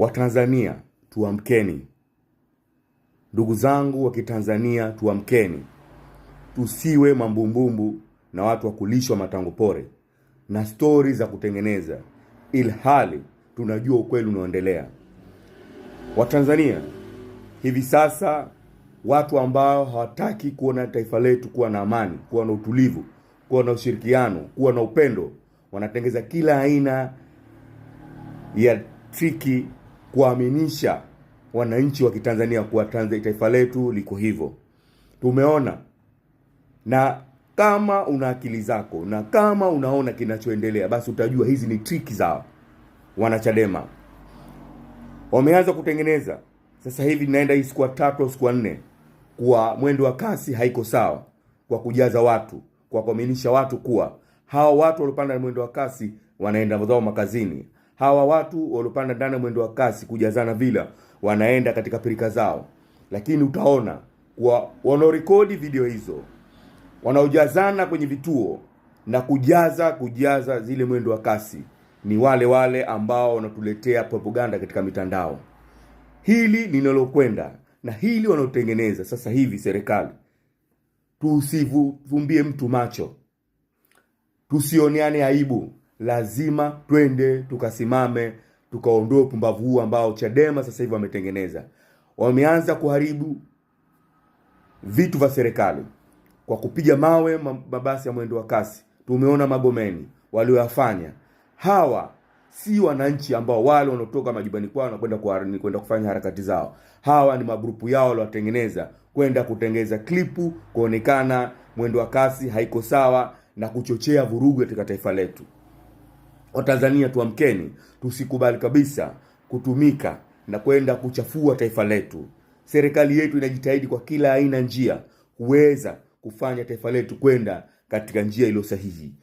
Watanzania tuamkeni, ndugu zangu wa Kitanzania tuamkeni, tusiwe mambumbumbu na watu wa kulishwa matango pore na stori za kutengeneza, ilhali tunajua ukweli unaoendelea. Watanzania hivi sasa, watu ambao hawataki kuona taifa letu kuwa na amani, kuwa na utulivu, kuwa na ushirikiano, kuwa na upendo, wanatengeza kila aina ya triki kuaminisha wananchi wa Kitanzania kuwa taifa letu liko hivyo. Tumeona na kama una akili zako na kama unaona kinachoendelea, basi utajua hizi ni triki za Wanachadema. Wameanza kutengeneza sasa hivi, Naenda hii siku tatu siku nne, kwa mwendo wa kasi haiko sawa, kwa kujaza watu, kwa kuaminisha watu kuwa hawa watu waliopanda mwendo wa kasi wanaenda zao makazini hawa watu waliopanda ndani ya mwendo wa kasi kujazana vila wanaenda katika pirika zao, lakini utaona kuwa wanaorekodi video hizo wanaojazana kwenye vituo na kujaza kujaza zile mwendo wa kasi ni wale wale ambao wanatuletea propaganda katika mitandao. Hili linalokwenda na hili wanaotengeneza sasa hivi serikali, tusivumbie mtu macho, tusioneane aibu lazima twende tukasimame tukaondoe upumbavu huu ambao Chadema sasa hivi wametengeneza. Wameanza kuharibu vitu vya serikali kwa kupiga mawe mabasi ya mwendo wa kasi. Tumeona Magomeni walioyafanya. Hawa si wananchi ambao wale wanaotoka majumbani kwao na kwenda kwenda kufanya harakati zao. Hawa ni magrupu yao waliowatengeneza kwenda kutengeza klipu kuonekana mwendo wa kasi haiko sawa na kuchochea vurugu katika taifa letu. Watanzania tuamkeni, tusikubali kabisa kutumika na kwenda kuchafua taifa letu. Serikali yetu inajitahidi kwa kila aina njia kuweza kufanya taifa letu kwenda katika njia iliyo sahihi.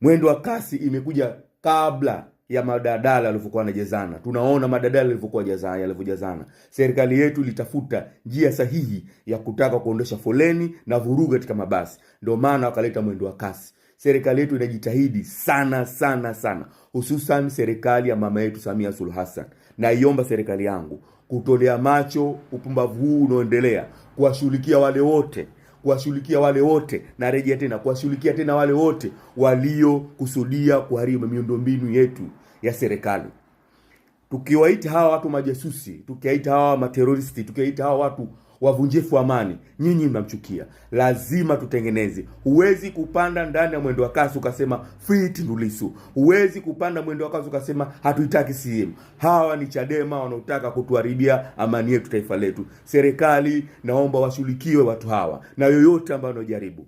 Mwendo wa kasi imekuja kabla ya madadala yalivyokuwa yanajazana. Tunaona madadala yalivyokuwa yalivyojazana. Serikali yetu ilitafuta njia sahihi ya kutaka kuondosha foleni na vurugu katika mabasi, ndio maana wakaleta mwendo wa kasi serikali yetu inajitahidi sana sana sana, hususan serikali ya mama yetu Samia Suluhu Hassan. Naiomba serikali yangu kutolea macho upumbavu huu unaoendelea, kuwashughulikia wale wote kuwashughulikia wale wote, narejea tena, kuwashughulikia tena wale wote waliokusudia kuharibu miundombinu yetu ya serikali. Tukiwaita hawa watu majasusi, tukiwaita hawa materoristi, tukiwaita hawa watu wavunjifu amani, nyinyi mnamchukia. Lazima tutengeneze. Huwezi kupanda ndani ya mwendo wa kasi ukasema free Huwezi kupanda mwendo wa kasi ukasema hatuitaki CCM. Hawa ni Chadema wanaotaka kutuharibia amani yetu, taifa letu. Serikali, naomba washughulikiwe watu hawa na yoyote ambayo wanaojaribu